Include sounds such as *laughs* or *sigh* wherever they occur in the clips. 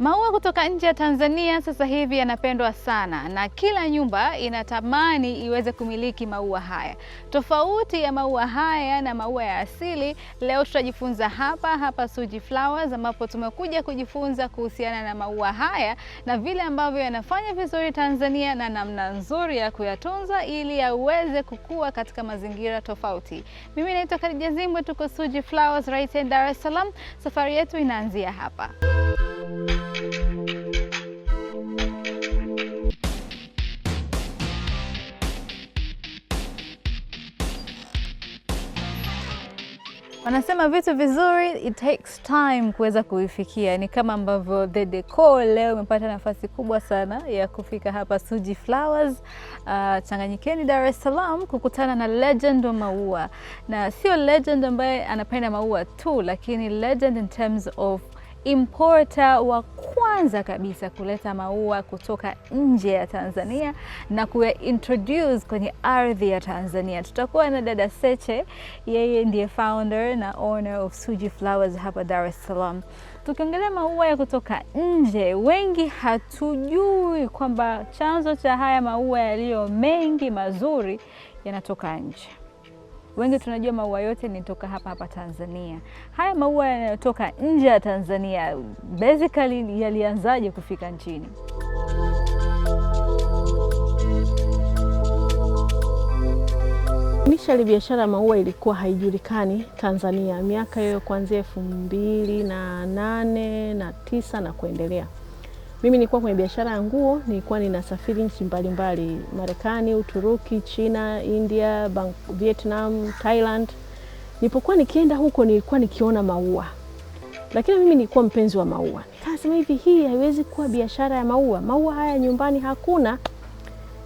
Maua kutoka nje ya Tanzania sasa hivi yanapendwa sana na kila nyumba inatamani iweze kumiliki maua haya. Tofauti ya maua haya na maua ya asili, leo tutajifunza hapa hapa Suji Flowers, ambapo tumekuja kujifunza kuhusiana na maua haya na vile ambavyo yanafanya vizuri Tanzania na namna nzuri ya kuyatunza ili yaweze kukua katika mazingira tofauti. Mimi naitwa Khadija Zimbwe, tuko Suji Flowers right in Dar es Salaam. Safari yetu inaanzia hapa. Wanasema vitu vizuri it takes time kuweza kuifikia. Ni kama ambavyo The Decor leo imepata nafasi kubwa sana ya kufika hapa Suji Flowers uh, Changanyikeni, Dar es Salaam, kukutana na legend wa maua, na sio legend ambaye anapenda maua tu, lakini legend in terms of importa wa kwanza kabisa kuleta maua kutoka nje ya Tanzania na kuya introduce kwenye ardhi ya Tanzania. Tutakuwa na dada Seche, yeye ndiye founder na owner of Suji Flowers hapa Dar es Salaam. Tukiongelea maua ya kutoka nje, wengi hatujui kwamba chanzo cha haya maua yaliyo mengi mazuri yanatoka nje. Wengi tunajua maua yote ni toka hapa hapa Tanzania. Haya maua yanayotoka nje ya Tanzania basically yalianzaje kufika nchini? Initially biashara ya maua ilikuwa haijulikani Tanzania, miaka hiyo kuanzia elfu mbili na nane na tisa na kuendelea mimi nilikuwa kwenye biashara ya nguo, nilikuwa ninasafiri nchi mbalimbali, Marekani, Uturuki, China, India, Bang Vietnam, Thailand. Nilipokuwa nikienda huko nilikuwa nikiona maua, lakini mimi nilikuwa mpenzi wa maua. Nikasema hivi, hii haiwezi kuwa biashara ya maua, maua haya nyumbani hakuna.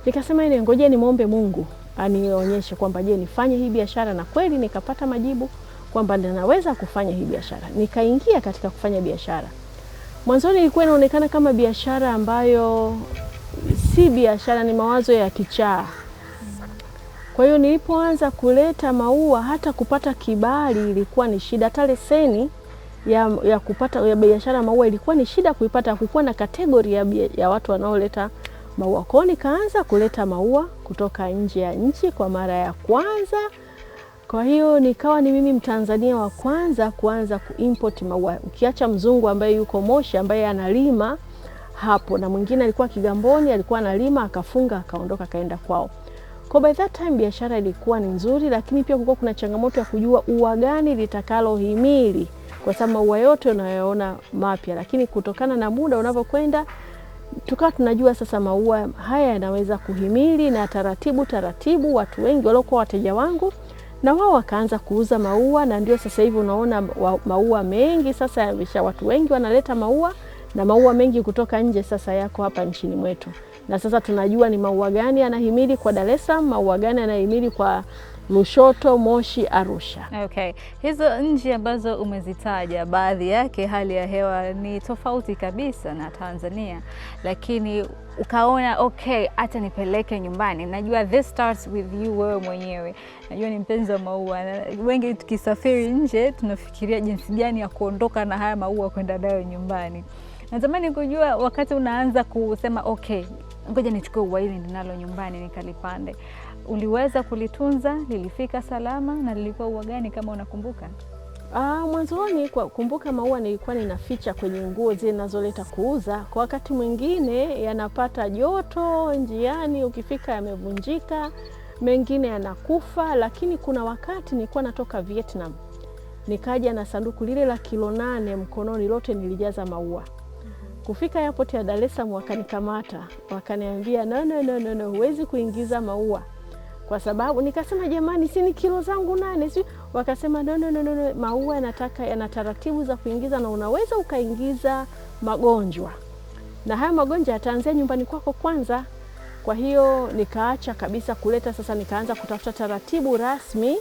Nikasema ile, ngoja nimwombe Mungu anionyeshe kwamba je, nifanye hii biashara. Na kweli nikapata majibu kwamba ninaweza kufanya hii biashara, nikaingia katika kufanya biashara. Mwanzoni ilikuwa inaonekana kama biashara ambayo si biashara, ni mawazo ya kichaa. Kwa hiyo nilipoanza kuleta maua, hata kupata kibali ilikuwa ni shida, hata leseni ya, ya kupata ya biashara maua ilikuwa ni shida kuipata. Kulikuwa na kategori ya, ya watu wanaoleta maua kwao. Nikaanza kuleta maua kutoka nje ya nchi kwa mara ya kwanza. Kwa hiyo nikawa ni mimi Mtanzania wa kwanza kuanza kuimport maua, ukiacha mzungu ambaye yuko Moshi ambaye analima hapo, na mwingine alikuwa Kigamboni, alikuwa analima akafunga akaondoka akaenda kwao. Kwa by that time biashara ilikuwa ni nzuri, lakini pia kulikuwa kuna changamoto ya kujua ua gani litakalohimili, kwa sababu maua yote unayoona mapya, lakini kutokana na muda unavyokwenda tukawa tunajua sasa maua haya yanaweza kuhimili, na taratibu taratibu watu wengi waliokuwa wateja wangu na wao wakaanza kuuza maua, na ndio sasa hivi unaona maua mengi sasa yamesha, watu wengi wanaleta maua na maua mengi kutoka nje sasa yako hapa nchini mwetu, na sasa tunajua ni maua gani yanahimili kwa Dar es Salaam, maua gani yanahimili kwa Lushoto, Moshi, Arusha. Okay. Hizo nchi ambazo umezitaja baadhi yake hali ya hewa ni tofauti kabisa na Tanzania, lakini ukaona okay, hata nipeleke nyumbani. Najua this starts with you, wewe mwenyewe. Najua ni mpenzi wa maua, wengi tukisafiri nje tunafikiria jinsi gani ya kuondoka na haya maua kwenda nayo nyumbani. Natamani kujua wakati unaanza kusema okay, ngoja nichukue ua hili ninalo nyumbani nikalipande uliweza kulitunza? Lilifika salama na lilikuwa ua gani kama unakumbuka? Ah, mwanzoni kwa kumbuka, maua nilikuwa ninaficha kwenye nguo zile ninazoleta kuuza. Kwa wakati mwingine yanapata joto njiani, ukifika yamevunjika, mengine yanakufa. Lakini kuna wakati nilikuwa natoka Vietnam, nikaja na sanduku lile la kilo nane mkononi, lote nilijaza maua. Kufika airport ya Dar es Salaam wakanikamata, wakaniambia no, no, no, no, no, huwezi kuingiza maua kwa sababu nikasema jamani, si ni kilo zangu nane si? Wakasema no, no, no, no, maua yanataka yana taratibu za kuingiza na unaweza ukaingiza magonjwa na haya magonjwa yataanzia nyumbani kwako kwanza. Kwa hiyo nikaacha kabisa kuleta, sasa nikaanza kutafuta taratibu rasmi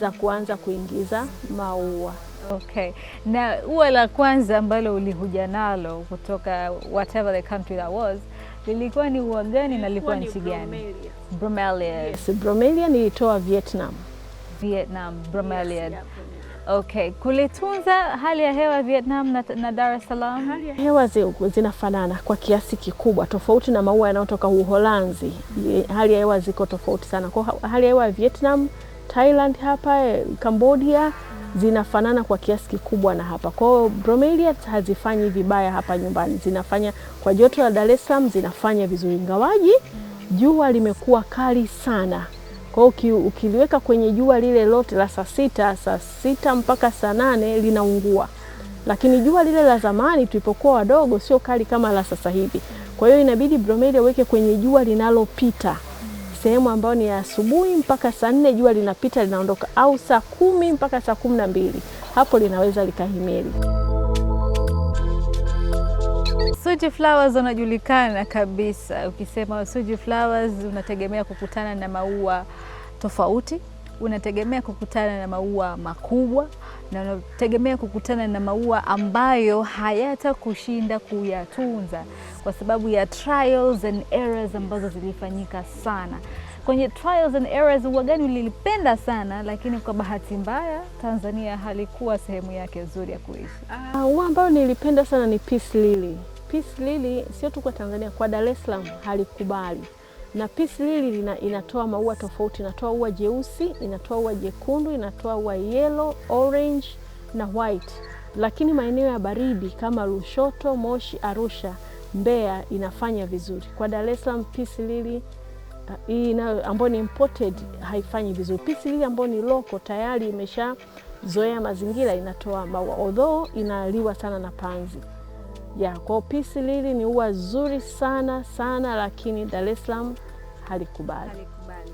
za kuanza kuingiza maua. Okay, na ua la kwanza ambalo ulihuja nalo kutoka whatever the country that was Lilikuwa ni ua gani na lilikuwa nchi gani? Bromelia. Yes, nilitoa Vietnam. Vietnam, bromelia. Okay, kulitunza hali ya hewa Vietnam na, na Dar es Salaam. Hewa zinafanana kwa kiasi kikubwa, tofauti na maua yanayotoka Uholanzi. Hali ya hewa ziko tofauti sana. Kwa hali ya hewa ya Vietnam, Thailand, hapa eh, Cambodia zinafanana kwa kiasi kikubwa na hapa. Kwa hiyo bromeliad hazifanyi vibaya hapa nyumbani, zinafanya kwa joto la Dar es Salaam zinafanya vizuri, ingawaji jua limekuwa kali sana. Kwa hiyo ukiliweka kwenye jua lile lote la saa sita, saa sita mpaka saa nane linaungua, lakini jua lile la zamani tulipokuwa wadogo sio kali kama la sasa hivi. Kwa hiyo inabidi bromeliad uweke kwenye jua linalopita sehemu ambayo ni ya asubuhi mpaka saa nne jua linapita linaondoka, au saa kumi mpaka saa kumi na mbili hapo linaweza likahimili. Suji Flowers unajulikana kabisa. Ukisema Suji Flowers unategemea kukutana na maua tofauti, unategemea kukutana na maua makubwa na unategemea kukutana na maua ambayo hayatakushinda kuyatunza kwa sababu ya trials and errors ambazo zilifanyika sana kwenye trials and errors. gani ulilipenda sana lakini kwa bahati mbaya Tanzania halikuwa sehemu yake nzuri ya kuishi. Ah, ua ambayo nilipenda sana ni Peace Lily. Peace Lily sio tu kwa Tanzania, kwa Dar es Salaam halikubali na Peace Lily inatoa maua tofauti, inatoa ua jeusi, inatoa ua jekundu, inatoa ua yellow, orange na white. Lakini maeneo ya baridi kama Lushoto, Moshi, Arusha Mbeya inafanya vizuri, kwa Dar es Salaam pisi lili uh, hii uh, ambayo ni imported haifanyi vizuri. pisi lili ambayo ni loko tayari imeshazoea mazingira, inatoa maua although inaliwa sana na panzi ya kwao pisi lili ni ua zuri sana sana, lakini Dar es Salaam halikubali.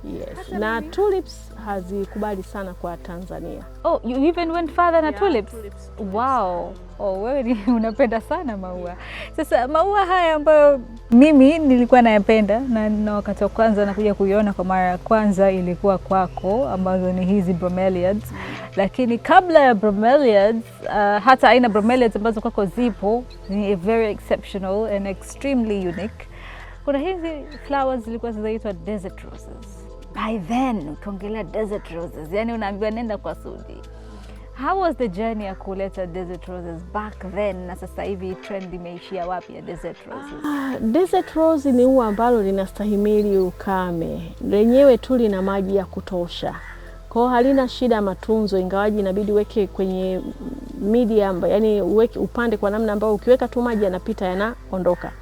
Yes. Na tulips hazikubali sana kwa Tanzania. Oh, you even went further na yeah, tulips. Tulips, tulips. Wow. Oh, wewe *laughs* unapenda sana maua. Sasa maua haya ambayo mimi nilikuwa nayapenda na, na wakati wa kwanza nakuja kuiona kwa mara ya kwanza ilikuwa kwako, ambazo ni hizi bromeliads, lakini kabla ya bromeliads uh, hata aina bromeliads ambazo kwako zipo ni very exceptional and extremely unique. Kuna hizi flowers zilikuwa zinaitwa desert roses by then ukiongelea desert roses, yani unaambiwa nenda kwa Sudi. How was the journey ya kuleta desert roses back then na sasa hivi trend imeishia wapi ya desert roses? Ah, desert rose ni ua ambalo linastahimili ukame, lenyewe tu lina maji ya kutosha kwao, halina shida ya matunzo, ingawaji inabidi weke kwenye medium, yani uweke upande kwa namna ambayo ukiweka tu maji yanapita yanaondoka.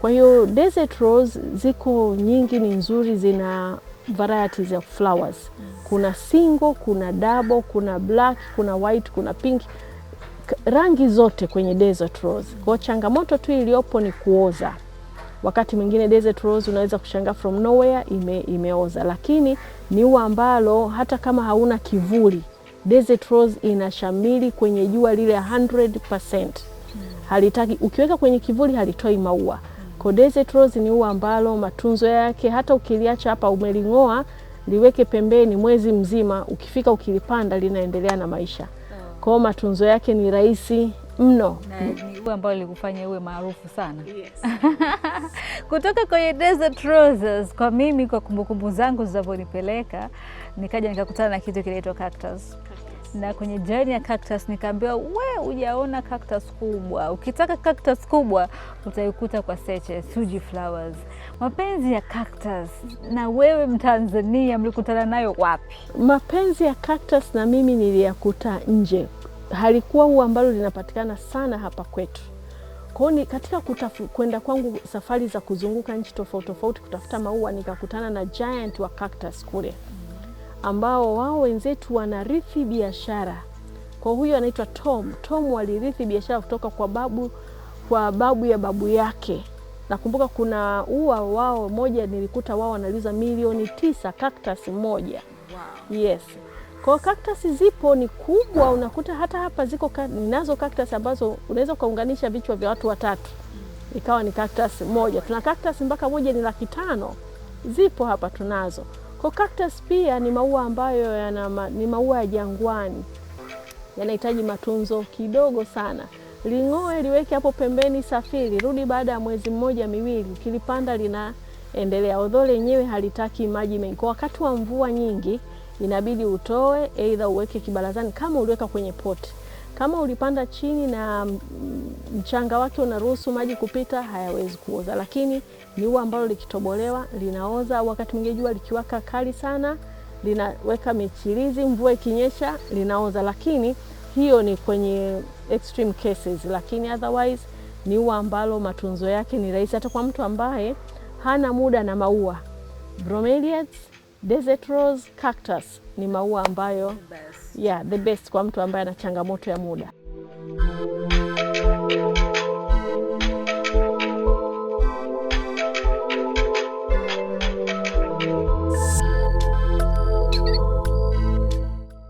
Kwa hiyo desert rose ziko nyingi, ni nzuri, zina varieties of flowers. Kuna single, kuna double, kuna black, kuna white, kuna pink, rangi zote kwenye desert rose. Kwa changamoto tu iliyopo ni kuoza. Wakati mwingine desert rose unaweza kushangaa from nowhere ime, imeoza, lakini ni ua ambalo hata kama hauna kivuli desert rose inashamili kwenye jua lile 100%. Halitaki ukiweka kwenye kivuli halitoi maua. Kwa rose ni ua ambalo matunzo yake hata ukiliacha hapa umeling'oa liweke pembeni mwezi mzima, ukifika ukilipanda linaendelea na maisha. Kwa hiyo matunzo yake ni rahisi mno ua ambayo likufanya uwe maarufu sana yes. *laughs* Kutoka kwenye desert roses, kwa mimi, kwa kumbukumbu zangu zinavyonipeleka, nikaja nikakutana na kitu kinaitwa cactus na kwenye jani ya cactus nikaambiwa, we ujaona cactus kubwa. Ukitaka cactus kubwa utaikuta kwa Seche Suji Flowers. Mapenzi ya cactus na wewe Mtanzania mlikutana nayo wapi? Mapenzi ya cactus na mimi niliyakuta nje, halikuwa huu ambalo linapatikana sana hapa kwetu. kwao ni katika kwenda kwangu safari za kuzunguka nchi tofauti tofauti kutafuta maua, nikakutana na giant wa cactus kule ambao wao wenzetu wanarithi biashara. Kwa huyo anaitwa Tom. Tom walirithi biashara kutoka kwa babu, kwa babu ya babu yake. Nakumbuka kuna ua wao moja nilikuta wao wanaliuza milioni tisa, cactus moja. Wow. Yes. Kwa cactus zipo ni kubwa, unakuta hata hapa ziko ninazo cactus ambazo unaweza ukaunganisha vichwa vya watu watatu ikawa ni cactus moja. Tuna cactus mpaka moja ni laki tano, zipo hapa tunazo. Kwa cactus pia ni maua ambayo yana, ni maua ya jangwani, yanahitaji matunzo kidogo sana. Ling'oe, liweke hapo pembeni, safiri, rudi baada ya mwezi mmoja miwili, ukilipanda linaendelea. Odho lenyewe halitaki maji mengi, kwa wakati wa mvua nyingi inabidi utoe, aidha uweke kibarazani, kama uliweka kwenye poti kama ulipanda chini na mchanga wake unaruhusu maji kupita, hayawezi kuoza, lakini ni ua ambalo likitobolewa linaoza. Wakati mwingine jua likiwaka kali sana linaweka michirizi, mvua ikinyesha linaoza, lakini hiyo ni kwenye extreme cases, lakini otherwise ni ua ambalo matunzo yake ni rahisi, hata kwa mtu ambaye hana muda na maua. Bromeliads, desert rose, cactus ni maua ambayo yeah, the best kwa mtu ambaye ana changamoto ya muda.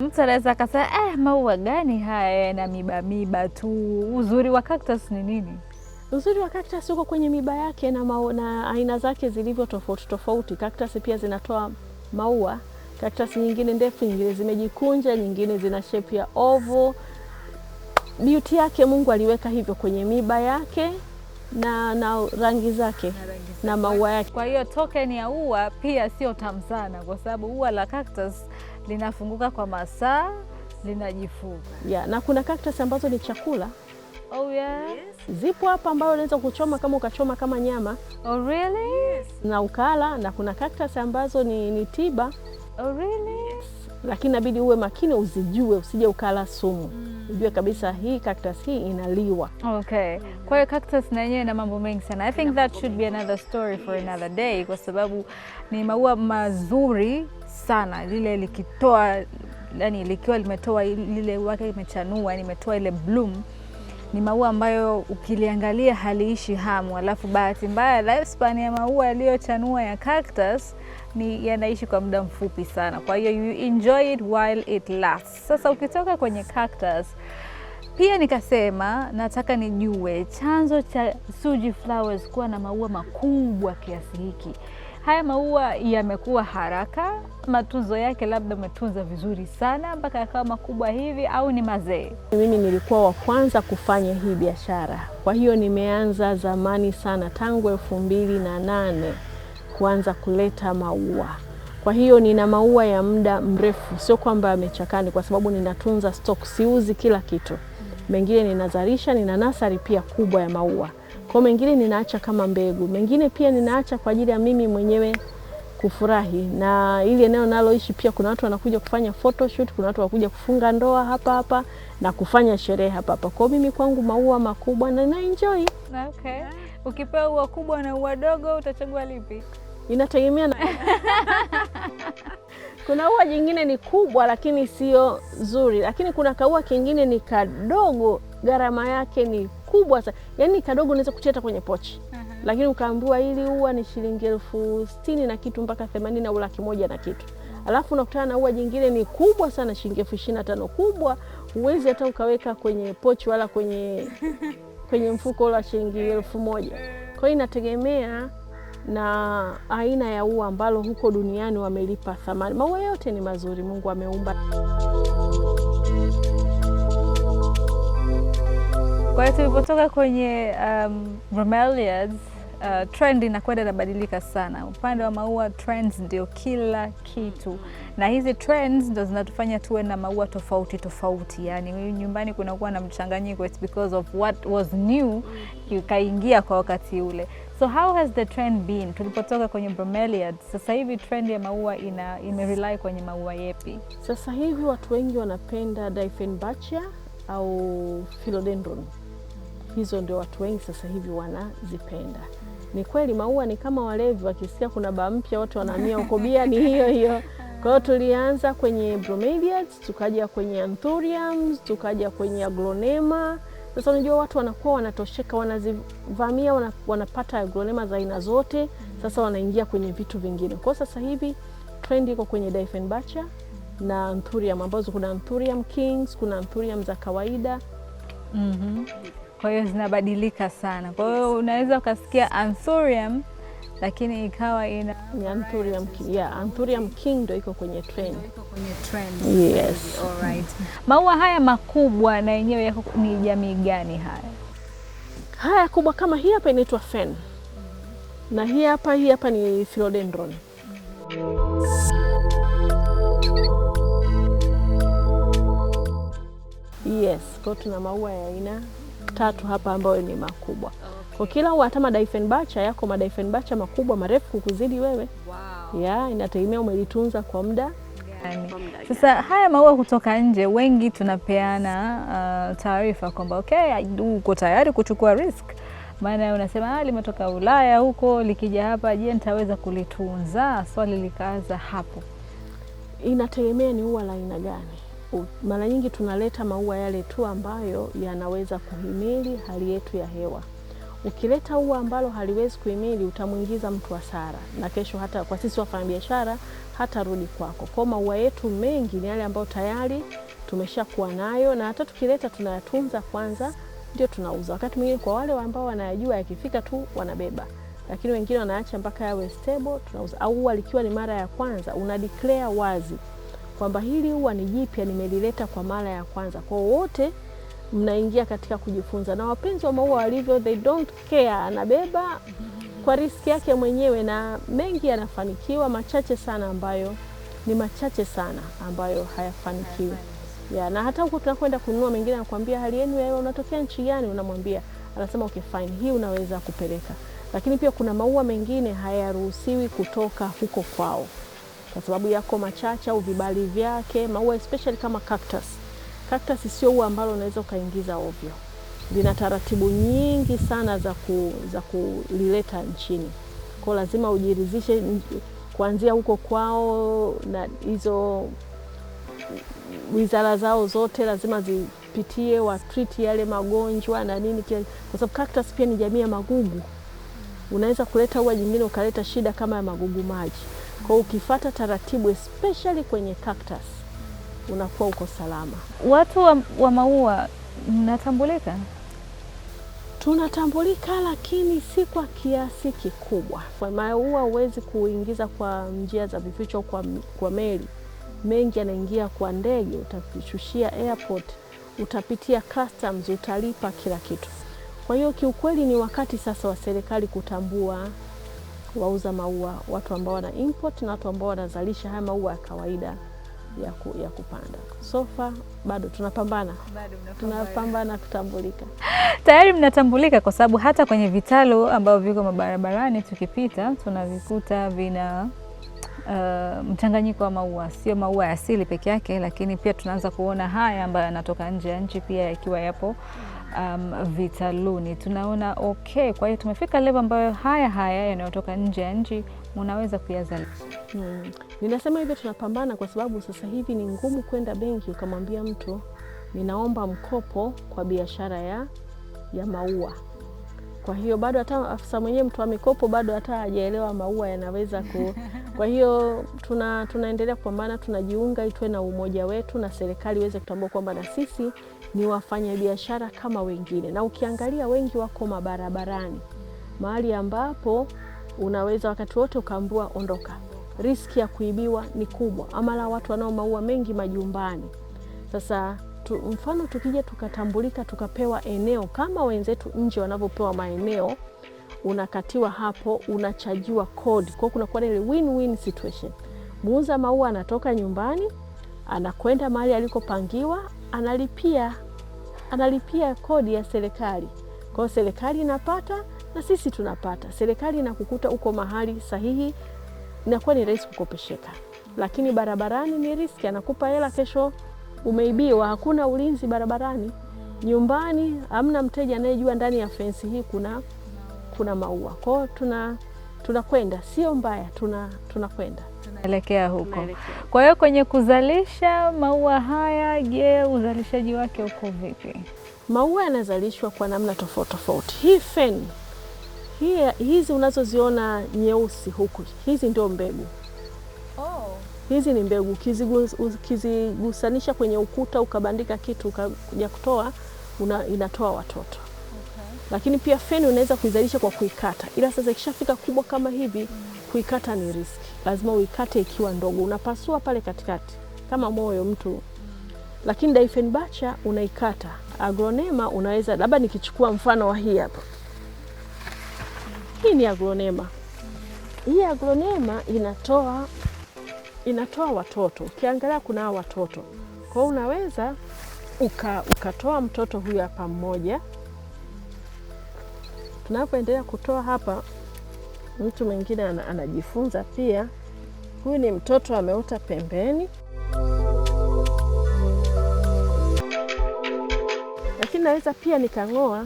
Mtu anaweza akasema eh, maua gani haya na miba miba tu. Uzuri wa cactus ni nini? Uzuri wa cactus uko kwenye miba yake na, na aina zake zilivyo tofauti tofauti. Cactus pia zinatoa maua karatasi nyingine ndefu, nyingine zimejikunja, nyingine zina shape ya oval. Beauty yake Mungu aliweka hivyo kwenye miba yake na na rangi zake na, na maua yake. Kwa hiyo token ya ua pia sio tamu sana, kwa sababu ua la cactus linafunguka kwa masaa linajifunga yeah, na kuna cactus ambazo ni chakula. Oh, yeah. Yes. Zipo hapa ambayo unaweza kuchoma kama ukachoma kama nyama. Oh, really? Yes. Na ukala na kuna cactus ambazo ni, ni tiba Oh, really? Yes. Lakini inabidi uwe makini, uzijue, usije ukala sumu mm. Ujue kabisa hii cactus hii inaliwa. Okay. Kwa hiyo cactus na yenyewe ina mambo mengi sana. I think that should be another story for another day, kwa sababu ni maua mazuri sana, lile likitoa, yani likiwa limetoa lile wake, imechanua, yani imetoa ile bloom ni maua ambayo ukiliangalia haliishi hamu, alafu bahati mbaya lifespan ya maua yaliyochanua ya cactus ni yanaishi kwa muda mfupi sana, kwa hiyo you enjoy it while it lasts. Sasa ukitoka kwenye cactus pia nikasema nataka nijue chanzo cha Suji Flowers kuwa na maua makubwa kiasi hiki. Haya maua yamekuwa haraka, matunzo yake labda umetunza vizuri sana mpaka yakawa makubwa hivi au ni mazee? Mimi nilikuwa wa kwanza kufanya hii biashara, kwa hiyo nimeanza zamani sana, tangu elfu mbili na nane kuanza kuleta maua. Kwa hiyo nina maua ya muda mrefu, sio kwamba yamechakani, kwa sababu ninatunza stock, siuzi kila kitu, mengine ninazalisha. Nina nasari pia kubwa ya maua kwa mengine ninaacha kama mbegu, mengine pia ninaacha kwa ajili ya mimi mwenyewe kufurahi na ili eneo naloishi. Pia kuna watu wanakuja kufanya photoshoot, kuna watu wanakuja kufunga ndoa hapa hapa na kufanya sherehe hapa hapa. Kwa mimi kwangu maua makubwa na na enjoy. Okay. Ukipewa ua kubwa na ua dogo utachagua lipi? Inategemea na *laughs* kuna ua jingine ni kubwa lakini sio zuri, lakini kuna kaua kingine ni kadogo, gharama yake ni kubwa sana, yani kadogo unaweza kucheta kwenye pochi uh mhm. -huh. Lakini ukaambiwa hili ua ni shilingi elfu sitini na kitu mpaka themanini au laki moja na kitu mhm. alafu unakutana na ua jingine ni kubwa sana shilingi elfu ishirini na tano kubwa, huwezi hata ukaweka kwenye pochi wala kwenye *laughs* kwenye mfuko la shilingi elfu moja. Kwa hiyo inategemea na aina ya ua ambalo huko duniani wamelipa thamani. Maua yote ni mazuri, Mungu ameumba wa Kwa hiyo tulipotoka kwenye um, bromeliads uh, trend inakwenda inabadilika sana. Upande wa maua trends ndio kila kitu, na hizi trends ndo zinatufanya tuwe na maua tofauti tofauti. Yani nyumbani kunakuwa na mchanganyiko, it's because of what was new ikaingia kwa wakati ule. So how has the trend been? Tulipotoka kwenye bromeliads, sasa hivi trend ya maua ina imerely kwenye maua yepi? Sasa hivi watu wengi wanapenda Diefenbachia au philodendron hizo ndio watu wengi sasa hivi wanazipenda. Ni kweli maua ni kama walevi, wakisikia kuna baa mpya watu wanahamia huko, bia ni hiyo hiyo. Kwa hiyo tulianza kwenye bromeliads, tukaja kwenye anthuriums, tukaja kwenye aglonema. Sasa unajua watu wanakuwa wanatosheka, wanazivamia, wanapata aglonema za aina zote, sasa wanaingia kwenye vitu vingine. Kwa sasa hivi trendi iko kwenye Diefenbacher na anthurium ambazo kuna anthurium kings, kuna anthurium za kawaida. mm -hmm kwa hiyo zinabadilika sana. Kwa hiyo unaweza ukasikia anthurium lakini ikawa ina anthurium yeah, anthurium king ndio iko kwenye trend, iko kwenye trend. Yes. All right. Maua haya makubwa na yenyewe yako ni jamii gani haya? Haya kubwa kama hii hapa inaitwa fen na hii hapa hii hapa ni philodendron. Yes, kwa tuna maua ya aina tatu hapa ambayo ni makubwa okay. Kwa kila hata bacha yako bacha makubwa marefu kukuzidi wewe wow. Ya, inategemea umelitunza kwa muda sasa haya maua kutoka nje, wengi tunapeana uh, taarifa kwamba okay, uko tayari kuchukua risk, maana unasema ah, limetoka Ulaya huko, likija hapa, je, nitaweza kulitunza? Swali likaanza hapo. Inategemea ni ua la aina gani mara nyingi tunaleta maua yale tu ambayo yanaweza kuhimili hali yetu ya hewa. Ukileta ua ambalo haliwezi kuhimili, utamwingiza mtu hasara, na kesho hata kwa sisi wafanyabiashara hata rudi kwako. Kwa maua yetu mengi ni yale ambayo tayari tumeshakuwa nayo, na hata tukileta tunayatunza kwanza, ndio tunauza. Wakati mwingine kwa wale ambao wanayajua, yakifika tu wanabeba, lakini wengine wanaacha mpaka yawe stable, tunauza. Au ua likiwa ni mara ya kwanza, una declare wazi kwamba hili huwa ni jipya, nimelileta kwa mara ya kwanza. Kwa wote mnaingia katika kujifunza, na wapenzi wa maua walivyo, they don't care, anabeba kwa riski yake mwenyewe, na mengi yanafanikiwa, machache sana ambayo ni machache sana ambayo hayafanikiwi ya, na hata huko tunakwenda kununua mengine, nakwambia hali yenu ya unatokea nchi gani? Unamwambia, anasema okay fine, hii unaweza kupeleka. Lakini pia kuna maua mengine hayaruhusiwi kutoka huko kwao kwa sababu yako machache au vibali vyake. Maua especially kama cactus. Cactus sio ua ambalo unaweza ukaingiza ovyo, lina taratibu nyingi sana za, ku, za kulileta nchini kwao, lazima ujiridhishe kuanzia huko kwao na hizo wizara zao zote lazima zipitie, watriti yale magonjwa na nini, kwa sababu cactus pia ni jamii ya magugu. Unaweza kuleta ua jingine ukaleta shida kama ya magugu maji. Kwa ukifata taratibu especially kwenye cactus unakuwa uko salama. Watu wa, wa maua mnatambulika? Tunatambulika, lakini si kwa kiasi kikubwa. Kwa maua huwezi kuingiza kwa njia za vificho kwa, kwa meli. Mengi yanaingia kwa ndege, utavishushia airport, utapitia customs, utalipa kila kitu. Kwa hiyo kiukweli ni wakati sasa wa serikali kutambua wauza maua, watu ambao wana import na watu ambao wanazalisha haya maua ya kawaida ya, ku, ya kupanda. Sofa bado tunapambana, bado tunapambana kutambulika. *laughs* Tayari mnatambulika kwa sababu hata kwenye vitalu ambavyo viko mabarabarani tukipita tunavikuta vina Uh, mchanganyiko wa maua, sio maua ya asili peke yake, lakini pia tunaanza kuona haya ambayo yanatoka nje ya nchi pia yakiwa yapo um, vitaluni. Tunaona okay, kwa hiyo tumefika level ambayo haya haya yanayotoka nje ya nchi unaweza kuyazalisha. Hmm. Ninasema hivyo tunapambana kwa sababu sasa hivi ni ngumu kwenda benki ukamwambia mtu ninaomba mkopo kwa biashara ya, ya maua kwa hiyo bado hata afisa mwenyewe mtoa mikopo bado hata hajaelewa maua yanaweza ku. *laughs* Kwa hiyo tuna tunaendelea kupambana, tunajiunga itwe na umoja wetu, na serikali iweze kutambua kwamba na sisi ni wafanyabiashara kama wengine, na ukiangalia wengi wako mabarabarani, mahali ambapo unaweza wakati wote ukaambiwa ondoka. Riski ya kuibiwa ni kubwa, ama la watu wanao maua mengi majumbani sasa tu, mfano tukija tukatambulika tukapewa eneo kama wenzetu nje wanavyopewa maeneo, unakatiwa hapo, unachajiwa kodi. kwao, kunakuwa na ile win-win situation, muuza maua anatoka nyumbani anakwenda mahali alikopangiwa, analipia analipia kodi ya serikali. Kwa hiyo serikali inapata na sisi tunapata. Serikali inakukuta uko mahali sahihi, inakuwa ni rahisi kukopesheka, lakini barabarani ni riski, anakupa hela kesho umeibiwa, hakuna ulinzi barabarani, nyumbani hamna mteja anayejua ndani ya fensi hii kuna kuna maua. kwao. tuna tunakwenda, sio mbaya, tuna tunakwenda tunaelekea huko. Kwa hiyo kwenye kuzalisha maua haya, je, uzalishaji wake uko vipi? Maua yanazalishwa kwa namna tofauti tofauti. Hii feni hii, hizi unazoziona nyeusi huku, hizi ndio mbegu hizi ni mbegu, ukizigusanisha kwenye ukuta ukabandika kitu ukakuja kutoa una, inatoa watoto Lakini pia feni unaweza kuizalisha kwa kuikata, ila sasa ikishafika kubwa kama hivi kuikata ni riski, lazima uikate ikiwa ndogo, unapasua pale katikati kama moyo mtu. Lakini daifen bacha unaikata, Agronema unaweza labda, nikichukua mfano wa hii hapa, hii ni Agronema. Hii Agronema inatoa inatoa watoto. Ukiangalia kuna watoto kwa unaweza uka, ukatoa mtoto huyu hapa mmoja. Tunapoendelea kutoa hapa, mtu mwingine anajifunza pia. Huyu ni mtoto ameota pembeni, lakini naweza pia nikang'oa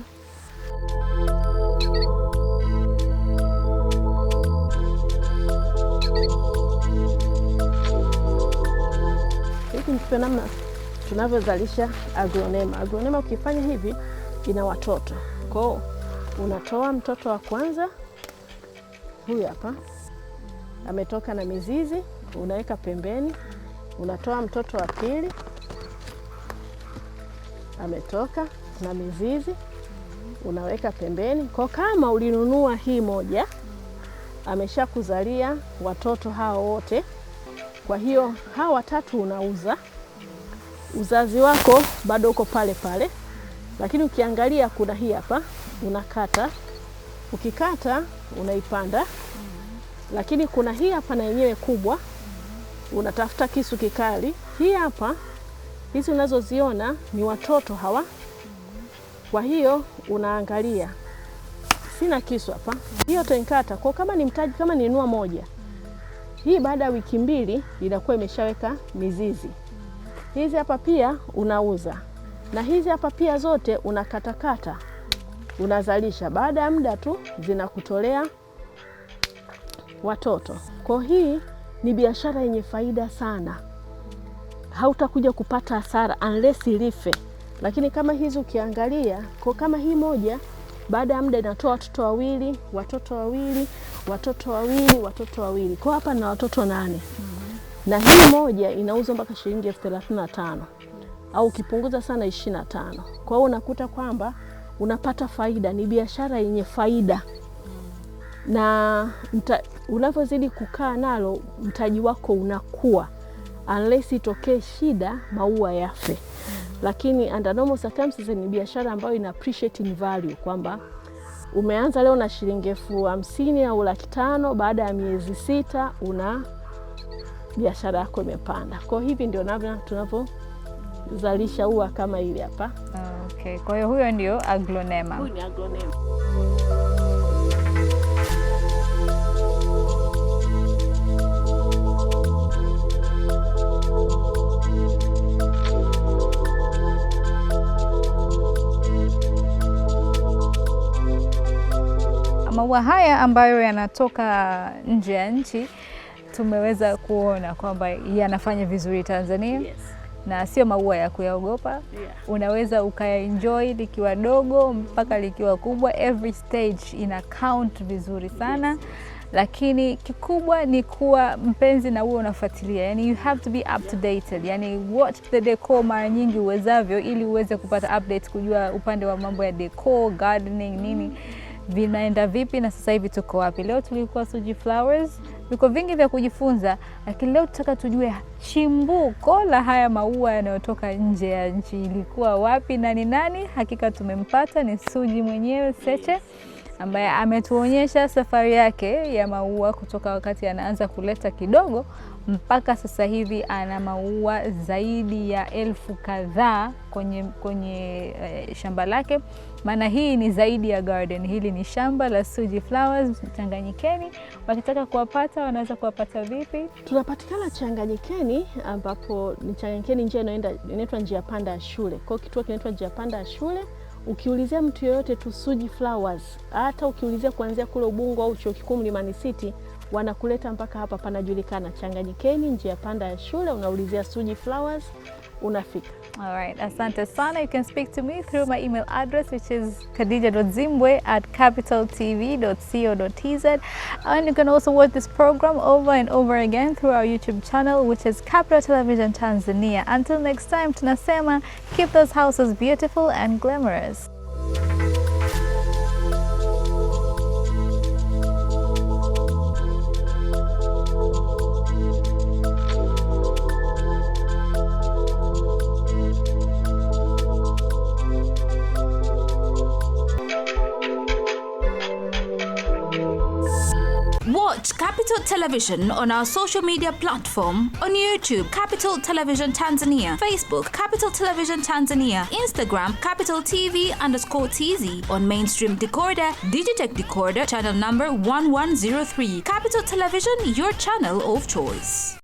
hivi nikupe namna tunavyozalisha agronema. Agronema ukifanya hivi ina watoto kwao, unatoa mtoto wa kwanza, huyu hapa ametoka na mizizi, unaweka pembeni. Unatoa mtoto wa pili, ametoka na mizizi, unaweka pembeni. Kwa kama ulinunua hii moja, ameshakuzalia watoto hao wote. Kwa hiyo hawa watatu unauza, uzazi wako bado uko pale pale, lakini ukiangalia kuna hii hapa unakata, ukikata unaipanda, lakini kuna hii hapa na yenyewe kubwa, unatafuta kisu kikali. Hii hapa, hizi unazoziona ni watoto hawa. Kwa hiyo unaangalia, sina kisu hapa, hiyo tenkata kwa kama ni mtaji, kama ninua moja hii baada ya wiki mbili inakuwa imeshaweka mizizi. Hizi hapa pia unauza, na hizi hapa pia zote unakatakata, unazalisha. Baada ya muda tu zinakutolea watoto. Kwa hii ni biashara yenye faida sana, hautakuja kupata hasara unless ilife. Lakini kama hizi ukiangalia, kwa kama hii moja baada ya muda inatoa watoto wawili, watoto wawili, watoto wawili, watoto wawili. Kwa hapa na watoto nane. Na hii moja inauzwa mpaka shilingi elfu thelathini na tano au ukipunguza sana ishirini na tano. Kwa hiyo unakuta kwamba unapata faida, ni biashara yenye faida na unavyozidi kukaa nalo mtaji wako unakuwa, unless itokee shida maua yafe lakini under normal circumstances ni biashara ambayo ina appreciate in value kwamba umeanza leo na shilingi elfu hamsini au laki tano, baada ya miezi sita una biashara yako imepanda. Kwa hivi ndio navyo tunavyozalisha ua kama hili hapa. Ah, okay. Kwa hiyo huyo ndio aglonema. Huyu ni aglonema. maua haya ambayo yanatoka nje ya nchi tumeweza kuona kwamba yanafanya vizuri Tanzania. Yes. Na sio maua ya kuyaogopa. Yeah. Unaweza ukayaenjoy likiwa dogo mpaka likiwa kubwa, every stage ina count vizuri sana. Yes. Lakini kikubwa ni kuwa mpenzi na uwe unafuatilia, yani you have to be up to date, yani watch the decor mara nyingi uwezavyo, ili uweze kupata update, kujua upande wa mambo ya decor, gardening nini mm vinaenda vipi na sasa hivi tuko wapi. Leo tulikuwa Suji Flowers, viko vingi vya kujifunza, lakini leo tutaka tujue chimbuko la haya maua yanayotoka nje ya nchi, ilikuwa wapi na ni nani? Hakika tumempata, ni Suji mwenyewe Seche ambaye ametuonyesha safari yake ya maua kutoka wakati anaanza kuleta kidogo mpaka sasa hivi ana maua zaidi ya elfu kadhaa kwenye, kwenye eh, shamba lake maana hii ni zaidi ya garden. Hili ni shamba la Suji Flowers Changanyikeni. Wakitaka kuwapata wanaweza kuwapata vipi? Tunapatikana Changanyikeni, ambapo ni Changanyikeni, njia inaenda inaitwa njia panda ya shule. Kwa hiyo kituo kinaitwa njia panda ya shule. Ukiulizia mtu yoyote tu Suji Flowers, hata ukiulizia kuanzia kule Ubungo au chuo kikuu Mlimani City, wanakuleta mpaka hapa. Panajulikana Changanyikeni, njia panda ya shule, unaulizia Suji Flowers unafika. All right. Asante sana. You can speak to me through my email address which is khadija.zimbwe at capitaltv.co.tz and you can also watch this program over and over again through our YouTube channel which is Capital Television Tanzania. Until next time, tunasema keep those houses beautiful and glamorous. Capital Television on our social media platform on YouTube, Capital Television Tanzania, Facebook, Capital Television Tanzania, Instagram, Capital TV underscore TZ, on mainstream decoder, Digitech decoder, channel number 1103. Capital Television, your channel of choice.